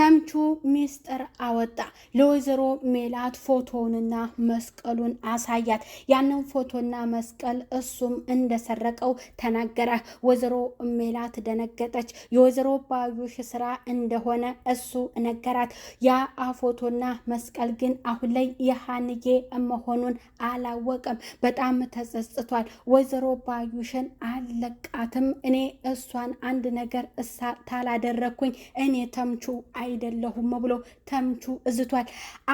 ተምቹ ሚስጥር አወጣ። ለወይዘሮ ሜላት ፎቶውንና መስቀሉን አሳያት። ያንን ፎቶና መስቀል እሱም እንደሰረቀው ተናገረ። ወይዘሮ ሜላት ደነገጠች። የወይዘሮ ባዩሽ ስራ እንደሆነ እሱ ነገራት። ያ ፎቶና መስቀል ግን አሁን ላይ የሀንዬ መሆኑን አላወቀም። በጣም ተጸጽቷል። ወይዘሮ ባዩሽን አለቃትም። እኔ እሷን አንድ ነገር እሳ ታላደረግኩኝ እኔ ተምቹ አይ አይደለሁም ብሎ ተምቹ እዝቷል።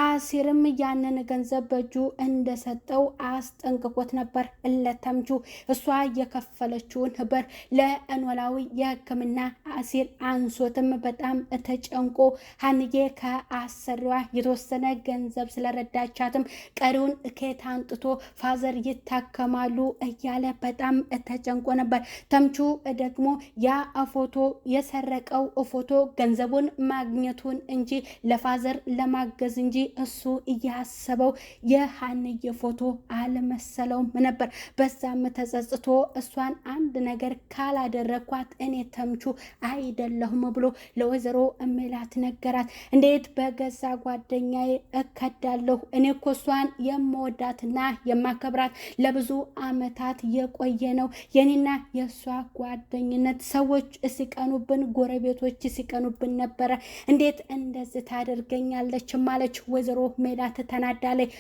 አሲርም ያንን ገንዘብ በእጁ እንደሰጠው አስጠንቅቆት ነበር ለተምቹ። እሷ የከፈለችውን ብር ለኖላዊ የሕክምና አሲር አንሶትም በጣም ተጨንቆ ሀንዬ ከአሰሪዋ የተወሰነ ገንዘብ ስለረዳቻትም ቀሪውን ኬት አንጥቶ ፋዘር ይታከማሉ እያለ በጣም ተጨንቆ ነበር። ተምቹ ደግሞ ያ ፎቶ የሰረቀው ፎቶ ገንዘቡን ማግኘት ማግኘቱን እንጂ ለፋዘር ለማገዝ እንጂ እሱ እያሰበው የሀንዬ ፎቶ አልመሰለውም ነበር። በዛም ተጸጽቶ እሷን አንድ ነገር ካላደረግኳት እኔ ተምቹ አይደለሁም ብሎ ለወይዘሮ እምላት ነገራት። እንዴት በገዛ ጓደኛዬ እከዳለሁ? እኔ እኮ እሷን የምወዳትና የማከብራት ለብዙ አመታት የቆየ ነው የኔና የእሷ ጓደኝነት። ሰዎች ሲቀኑብን፣ ጎረቤቶች ሲቀኑብን ነበረ እንዴት እንደዚህ ታደርገኛለች ማለች ወይዘሮ ሜላት ተናዳለች።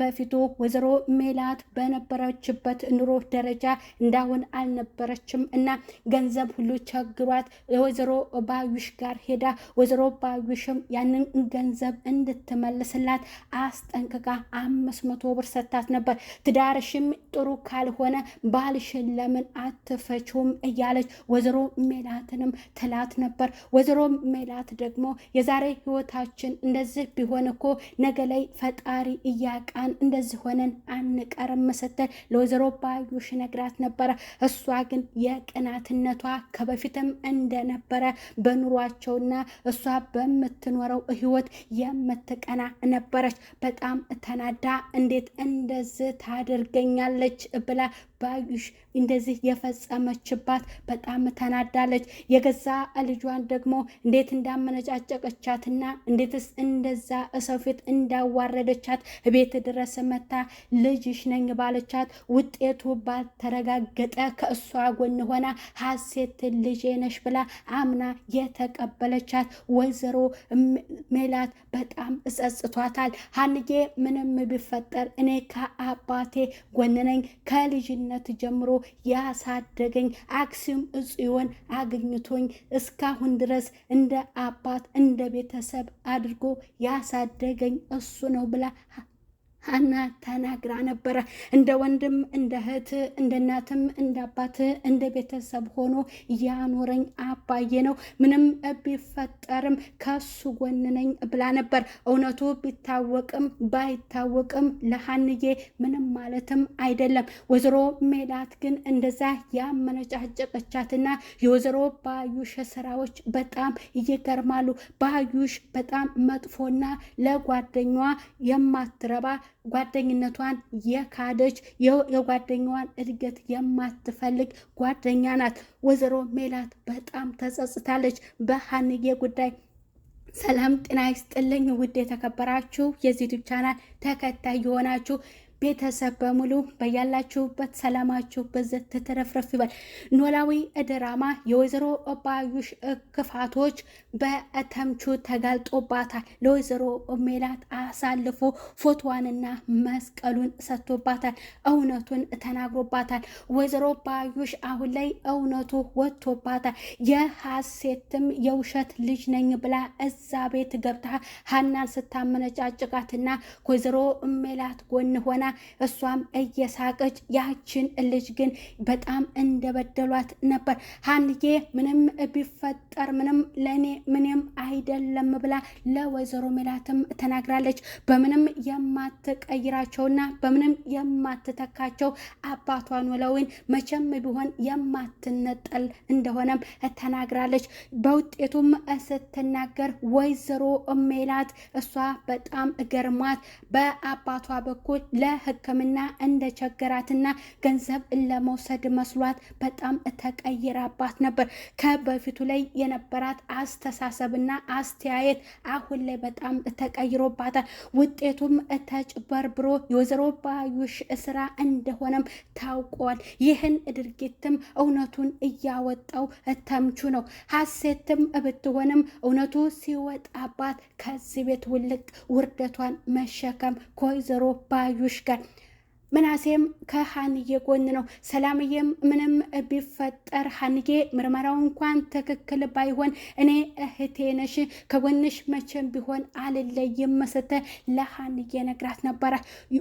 በፊቱ ወይዘሮ ሜላት በነበረችበት ኑሮ ደረጃ እንዳሁን አልነበረችም እና ገንዘብ ሁሉ ቸግሯት ወይዘሮ ባዩሽ ጋር ሄዳ ወይዘሮ ባዩሽም ያንን ገንዘብ እንድትመልስላት አስጠንቅቃ አምስት መቶ ብር ሰታት ነበር። ትዳርሽም ጥሩ ካልሆነ ባልሽን ለምን አትፈችውም እያለች ወይዘሮ ሜላትንም ትላት ነበር። ወይዘሮ ሜላት ደግሞ ደግሞ የዛሬ ህይወታችን እንደዚህ ቢሆን እኮ ነገ ላይ ፈጣሪ እያቃን እንደዚህ ሆነን አንቀርም መሰተል ለወይዘሮ ባዩሽ ነግራት ነበረ። እሷ ግን የቅናትነቷ ከበፊትም እንደነበረ በኑሯቸውና እሷ በምትኖረው ህይወት የምትቀና ነበረች። በጣም ተናዳ እንዴት እንደዚህ ታደርገኛለች ብላ ባዩሽ እንደዚህ የፈጸመችባት በጣም ተናዳለች። የገዛ ልጇን ደግሞ እንዴት እንዳመነጫጨቀቻትና እንዴትስ እንደዛ ሰው ፊት እንዳዋረደቻት ቤት ድረስ መታ ልጅሽ ነኝ ባለቻት ውጤቱ ባልተረጋገጠ ከእሷ ጎን ሆና ሀሴት ልጄ ነሽ ብላ አምና የተቀበለቻት ወይዘሮ ሜላት በጣም እጸጽቷታል። ሀንጌ ምንም ቢፈጠር እኔ ከአባቴ ጎን ነኝ ከልጅ ከልጅነት ጀምሮ ያሳደገኝ አክሲዮን እጽዮን አግኝቶኝ እስካሁን ድረስ እንደ አባት እንደ ቤተሰብ አድርጎ ያሳደገኝ እሱ ነው ብላ ሀና ተናግራ ነበረ። እንደ ወንድም፣ እንደ እህት፣ እንደ እናትም፣ እንደ አባት፣ እንደ ቤተሰብ ሆኖ ያኖረኝ አባዬ ነው። ምንም ቢፈጠርም ከሱ ጎን ነኝ ብላ ነበር። እውነቱ ቢታወቅም ባይታወቅም ለሀንዬ ምንም ማለትም አይደለም። ወይዘሮ ሜላት ግን እንደዛ ያመነጫጨቀቻትና የወይዘሮ ባዩሽ ስራዎች በጣም ይገርማሉ። ባዩሽ በጣም መጥፎና ለጓደኛዋ የማትረባ ጓደኝነቷን የካደች የጓደኛዋን እድገት የማትፈልግ ጓደኛ ናት። ወይዘሮ ሜላት በጣም ተጸጽታለች በሀንዬ ጉዳይ። ሰላም ጤና ይስጥልኝ ውድ የተከበራችሁ የዚህ ቻናል ተከታይ የሆናችሁ ቤተሰብ በሙሉ በያላችሁበት ሰላማችሁ በዘት ተተረፍረፍ ይበል። ኖላዊ ድራማ የወይዘሮ ባዩሽ ክፋቶች በተምቹ ተጋልጦባታል። ለወይዘሮ ሜላት አሳልፎ ፎቶዋንና መስቀሉን ሰጥቶባታል። እውነቱን ተናግሮባታል። ወይዘሮ ባዩሽ አሁን ላይ እውነቱ ወጥቶባታል። የሀሴትም የውሸት ልጅ ነኝ ብላ እዛ ቤት ገብታ ሀናን ስታመነጫጭቃትና ወይዘሮ ሜላት ጎን ሆና እሷም እየሳቀች ያችን ልጅ ግን በጣም እንደበደሏት ነበር። ሀንዬ ምንም ቢፈጠር ምንም ለእኔ ምንም አይደለም ብላ ለወይዘሮ ሜላትም ተናግራለች። በምንም የማትቀይራቸውና በምንም የማትተካቸው አባቷን ወለውን መቼም ቢሆን የማትነጠል እንደሆነም ተናግራለች። በውጤቱም ስትናገር ወይዘሮ ሜላት እሷ በጣም ገርማት በአባቷ በኩል ለሕክምና እንደቸገራትና ገንዘብ ለመውሰድ መስሏት በጣም ተቀይራባት ነበር። ከበፊቱ ላይ የነበራት አስተሳሰብና አስተያየት አሁን ላይ በጣም ተቀይሮባታል። ውጤቱም ተጭበርብሮ የወይዘሮ ባዩሽ ስራ እንደሆነም ታውቋል። ይህን ድርጊትም እውነቱን እያወጣው ተምቹ ነው። ሀሴትም ብትሆንም እውነቱ ሲወጣባት ከዚህ ቤት ውልቅ ውርደቷን መሸከም ከወይዘሮ ባዩሽ ጋር ምናሴም ከሀንዬ ጎን ነው። ሰላምዬም ምንም ቢፈጠር ሀንዬ ምርመራው እንኳን ትክክል ባይሆን እኔ እህቴ ነሽ ከጎንሽ መቼም ቢሆን አልለይም ስትል ለሀንዬ ነግራት ነበረ።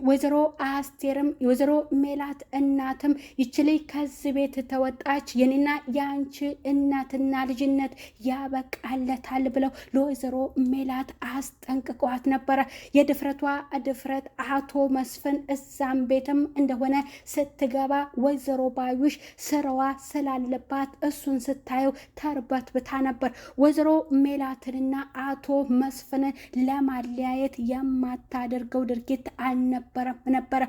ወይዘሮ አስቴርም ወይዘሮ ሜላት እናትም ይችል ከዚህ ቤት ተወጣች የኔና የአንቺ እናትና ልጅነት ያበቃለታል ብለው ለወይዘሮ ሜላት አስጠንቅቀዋት ነበረ። የድፍረቷ ድፍረት አቶ መስፍን እዛም ቤት ቤትም እንደሆነ ስትገባ ወይዘሮ ባዩሽ ስራዋ ስላለባት እሱን ስታየው ተርበት ብታ ነበር። ወይዘሮ ሜላትንና አቶ መስፍንን ለማለያየት የማታደርገው ድርጊት አልነበረም ነበረ።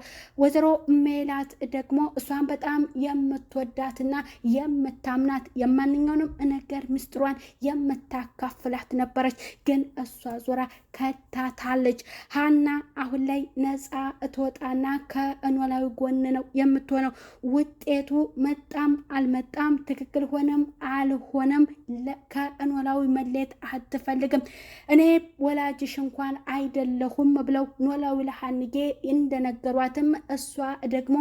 ወይዘሮ ሜላት ደግሞ እሷን በጣም የምትወዳትና የምታምናት የማንኛውንም ነገር ምስጢሯን የምታካፍላት ነበረች። ግን እሷ ዞራ ከታታለች። ሀና አሁን ላይ ነፃ እትወጣና ከኖላዊ ጎን ነው የምትሆነው። ውጤቱ መጣም አልመጣም ትክክል ሆነም አልሆነም ከኖላዊ መለየት አትፈልግም። እኔ ወላጅሽ እንኳን አይደለሁም ብለው ኖላዊ ለሀንጌ እንደነገሯትም እሷ ደግሞ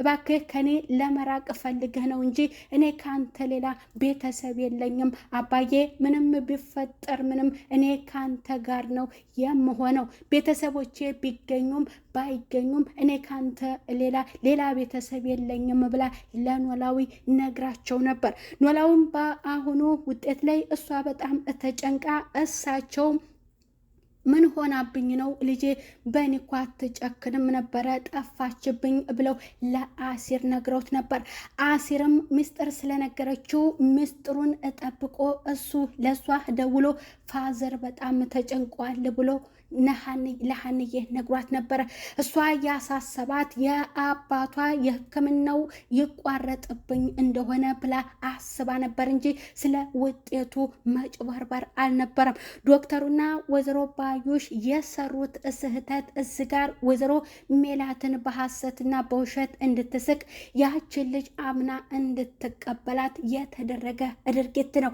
እባክህ ከኔ ለመራቅ ፈልግህ ነው እንጂ እኔ ከአንተ ሌላ ቤተሰብ የለኝም አባዬ፣ ምንም ቢፈጠር ምንም እኔ ከአንተ ጋር ነው የምሆነው። ቤተሰቦቼ ቢገኙም ባይገኙም እኔ ካንተ ሌላ ሌላ ቤተሰብ የለኝም ብላ ለኖላዊ ነግራቸው ነበር። ኖላዊም በአሁኑ ውጤት ላይ እሷ በጣም ተጨንቃ እሳቸው ምን ሆናብኝ ነው ልጄ በኒኳ ትጨክንም ነበረ ጠፋችብኝ ብለው ለአሲር ነግረውት ነበር። አሲርም ምስጢር ስለነገረችው ምስጢሩን ጠብቆ እሱ ለእሷ ደውሎ ፋዘር በጣም ተጨንቋል ብሎ ለሀንዬ ነግሯት ነበረ። እሷ ያሳሰባት የአባቷ የሕክምናው ይቋረጥብኝ እንደሆነ ብላ አስባ ነበር እንጂ ስለ ውጤቱ መጭበርበር አልነበረም። ዶክተሩና ወይዘሮ ባዩሽ የሰሩት ስህተት እዚ ጋር ወይዘሮ ሜላትን በሐሰትና በውሸት እንድትስቅ ያችን ልጅ አምና እንድትቀበላት የተደረገ ድርጊት ነው።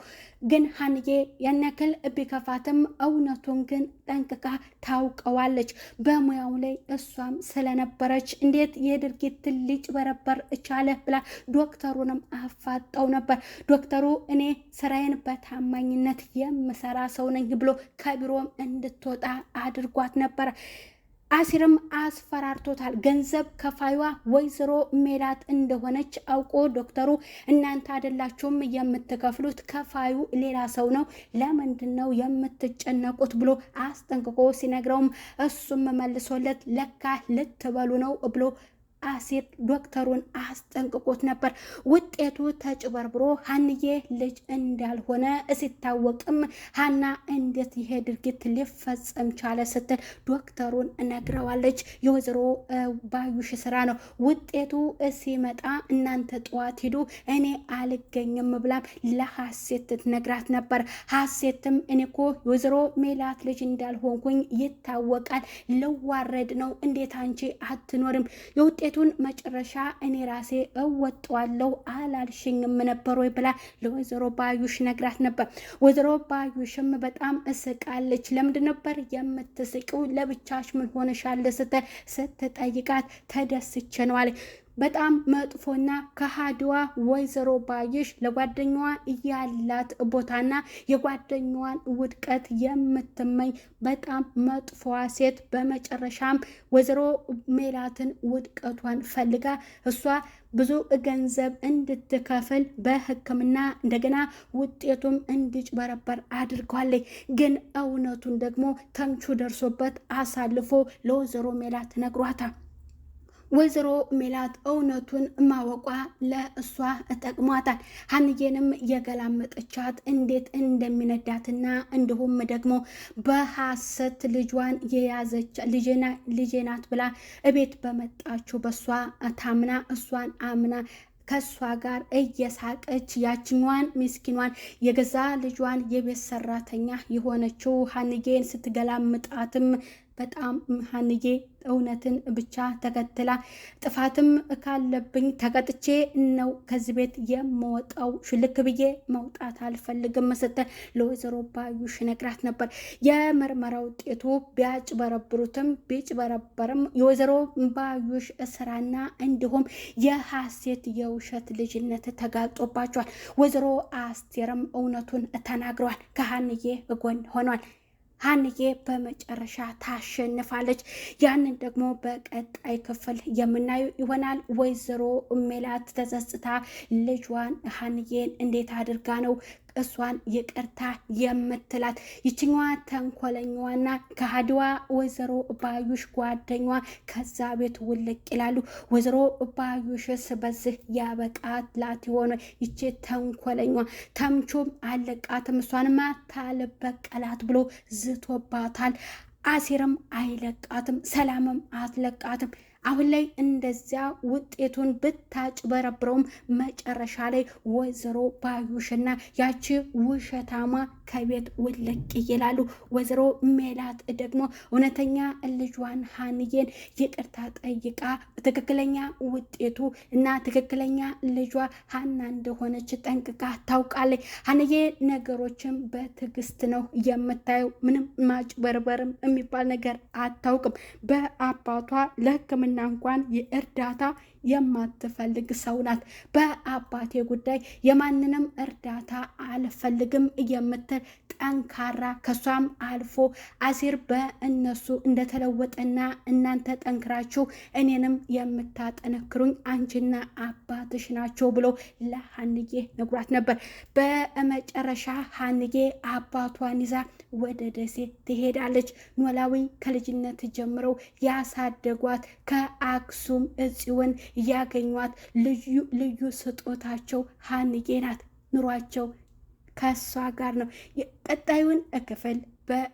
ግን ሀንዬ ያን ያክል ቢከፋትም እውነቱን ግን ጠንቅቃ ታውቀዋለች። በሙያው ላይ እሷም ስለነበረች እንዴት የድርጊት ልጭ በረበር እቻለ ብላ ዶክተሩንም አፋጣው ነበር። ዶክተሩ እኔ ስራዬን በታማኝነት የምሰራ ሰው ነኝ ብሎ ከቢሮም እንድትወጣ አድርጓት ነበር። አሲርም አስፈራርቶታል። ገንዘብ ከፋይዋ ወይዘሮ ሜላት እንደሆነች አውቆ ዶክተሩ እናንተ አይደላችሁም የምትከፍሉት ከፋዩ ሌላ ሰው ነው፣ ለምንድን ነው የምትጨነቁት ብሎ አስጠንቅቆ ሲነግረውም እሱም መልሶለት ለካ ልትበሉ ነው ብሎ አሴር ዶክተሩን አስጠንቅቆት ነበር። ውጤቱ ተጭበርብሮ ሀንዬ ልጅ እንዳልሆነ ሲታወቅም ሀና እንዴት ይሄ ድርጊት ሊፈጸም ቻለ ስትል ዶክተሩን ነግረዋለች። የወይዘሮ ባዩሽ ስራ ነው። ውጤቱ ሲመጣ እናንተ ጠዋት ሂዱ እኔ አልገኝም ብላም ለሀሴት ነግራት ነበር። ሀሴትም እኔ እኮ የወይዘሮ ሜላት ልጅ እንዳልሆንኩኝ ይታወቃል፣ ልዋረድ ነው እንዴት አንቺ አትኖርም? የውጤቱ የሴቱን መጨረሻ እኔ ራሴ እወጣዋለሁ አላልሽኝም ነበር ወይ ብላ ለወይዘሮ ባዩሽ ነግራት ነበር። ወይዘሮ ባዩሽም በጣም እስቃለች። ለምድ ነበር የምትስቂው? ለብቻሽ ምን ሆነሻል? ስትጠይቃት ተደስቼ ነው አለች። በጣም መጥፎና ከሃዲዋ ወይዘሮ ባይሽ ለጓደኛዋ ያላት ቦታና የጓደኛዋን ውድቀት የምትመኝ በጣም መጥፎዋ ሴት በመጨረሻም ወይዘሮ ሜላትን ውድቀቷን ፈልጋ እሷ ብዙ ገንዘብ እንድትከፍል በሕክምና እንደገና ውጤቱም እንዲጭበረበር አድርጓለች። ግን እውነቱን ደግሞ ተምቹ ደርሶበት አሳልፎ ለወይዘሮ ሜላት ነግሯታል። ወይዘሮ ሜላት እውነቱን ማወቋ ለእሷ ጠቅሟታል። ሀንዬንም የገላመጠቻት እንዴት እንደሚነዳትና እንዲሁም ደግሞ በሐሰት ልጇን የያዘች ልጄ ናት ብላ እቤት በመጣችው በእሷ ታምና እሷን አምና ከእሷ ጋር እየሳቀች ያችኛዋን ምስኪኗን የገዛ ልጇን የቤት ሰራተኛ የሆነችው ሀንዬን ስትገላምጣትም በጣም ሀንዬ እውነትን ብቻ ተከትላ ጥፋትም ካለብኝ ተቀጥቼ ነው ከዚህ ቤት የምወጣው፣ ሽልክ ብዬ መውጣት አልፈልግም ስትል ለወይዘሮ ባዩሽ ነግራት ነበር። የምርመራ ውጤቱ ቢያጭበረብሩትም ቢጭበረበርም የወይዘሮ ባዩሽ ስራና እንዲሁም የሀሴት የውሸት ልጅነት ተጋልጦባቸዋል። ወይዘሮ አስቴርም እውነቱን ተናግረዋል፣ ከሀንዬ ጎን ሆኗል። ሀንዬ በመጨረሻ ታሸንፋለች። ያንን ደግሞ በቀጣይ ክፍል የምናየው ይሆናል። ወይዘሮ ሜላት ተጸጽታ ልጇን ሀንዬን እንዴት አድርጋ ነው እሷን ይቅርታ የምትላት ይችኛዋ ተንኮለኛዋና ከሀድዋ ወይዘሮ ባዩሽ ጓደኛዋ ከዛ ቤት ውልቅ ይላሉ። ወይዘሮ ባዩሽስ በዚህ ያበቃት ላት የሆነ ይቼ ተንኮለኛ ተምቹም አለቃትም እሷንም አታልበቀላት ብሎ ዝቶባታል። አሲርም አይለቃትም፣ ሰላምም አትለቃትም። አሁን ላይ እንደዚያ ውጤቱን ብታጭበረብረውም መጨረሻ ላይ ወይዘሮ ባዩሽና ያቺ ውሸታማ ከቤት ውልቅ ይላሉ። ወይዘሮ ሜላት ደግሞ እውነተኛ ልጇን ሀንዬን ይቅርታ ጠይቃ ትክክለኛ ውጤቱ እና ትክክለኛ ልጇ ሀና እንደሆነች ጠንቅቃ ታውቃለች። ሀንዬ ነገሮችን በትዕግስት ነው የምታየው። ምንም ማጭበርበርም የሚባል ነገር አታውቅም። በአባቷ ለሕክምና እንኳን የእርዳታ የማትፈልግ ሰው ናት። በአባቴ ጉዳይ የማንንም እርዳታ አልፈልግም የምትል ጠንካራ፣ ከሷም አልፎ አሲር በእነሱ እንደተለወጠና እናንተ ጠንክራችሁ እኔንም የምታጠነክሩኝ አንቺና አባትሽ ናቸው ብሎ ለሀንጌ ነግሯት ነበር። በመጨረሻ ሀንጌ አባቷን ይዛ ወደ ደሴ ትሄዳለች። ኖላዊ ከልጅነት ጀምረው ያሳደጓት ከአክሱም እጽዮን ያገኟት ልዩ ልዩ ስጦታቸው ሀንጌናት ናት። ኑሯቸው ከእሷ ጋር ነው። ቀጣዩን ክፍል በ